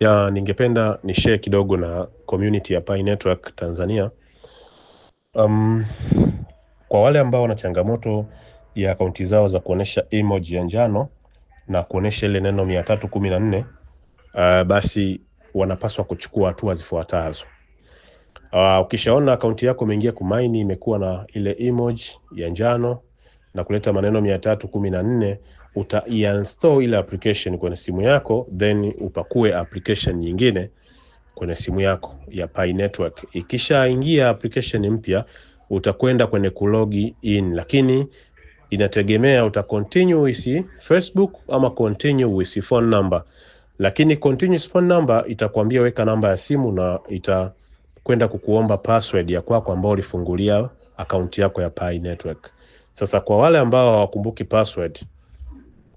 Ya, ningependa ni share kidogo na community ya Pi Network Tanzania. Um, kwa wale ambao wana changamoto ya akaunti zao za kuonesha emoji ya njano na kuonesha ile neno mia tatu kumi na nne uh, basi wanapaswa kuchukua hatua zifuatazo. Uh, ukishaona akaunti yako imeingia kumaini imekuwa na ile emoji ya njano na kuleta maneno mia tatu kumi na nne utaiinstall ile application kwenye simu yako, then upakue application nyingine kwenye simu yako ya Pi Network. Ikishaingia application mpya utakwenda kwenye kulogi in, lakini inategemea uta continue with Facebook ama continue with phone number, lakini continuous phone number itakwambia weka namba ya simu na itakwenda kukuomba password ya kwako ambao ulifungulia akaunti yako ya Pi Network. Sasa kwa wale ambao hawakumbuki password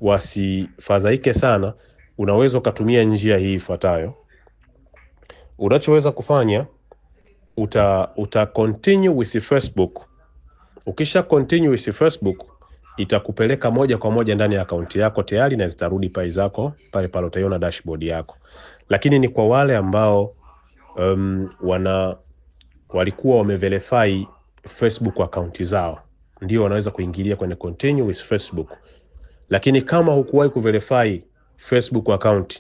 wasifadhaike sana, unaweza ukatumia njia hii ifuatayo. Unachoweza kufanya uta, uta continue with Facebook. Ukisha continue with Facebook itakupeleka moja kwa moja ndani ya akaunti yako tayari, na zitarudi pai zako pale pale, utaiona dashboard yako. Lakini ni kwa wale ambao um, wana walikuwa wameverify Facebook akaunti zao ndio wanaweza kuingilia kwenye continue with Facebook. Lakini kama hukuwahi kuverify Facebook account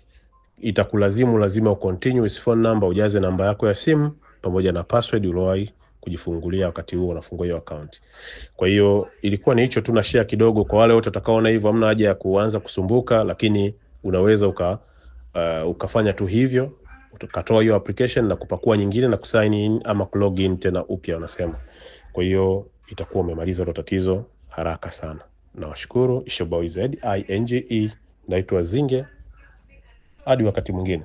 itakulazimu lazima ucontinue with phone number, ujaze namba yako ya simu pamoja na password uliowahi kujifungulia wakati huo unafungua hiyo account. Kwa hiyo ilikuwa ni hicho tu na share kidogo kwa wale wote watakaoona hivyo, hamna haja ya kuanza kusumbuka, lakini unaweza uka, uh, ukafanya tu hivyo ukatoa hiyo application na kupakua nyingine na kusign in ama kulog in tena upya unasema. Kwa hiyo itakuwa umemaliza hilo tatizo haraka sana. Nawashukuru, Ishoboi Z inge, Naitwa Zinge, hadi wakati mwingine.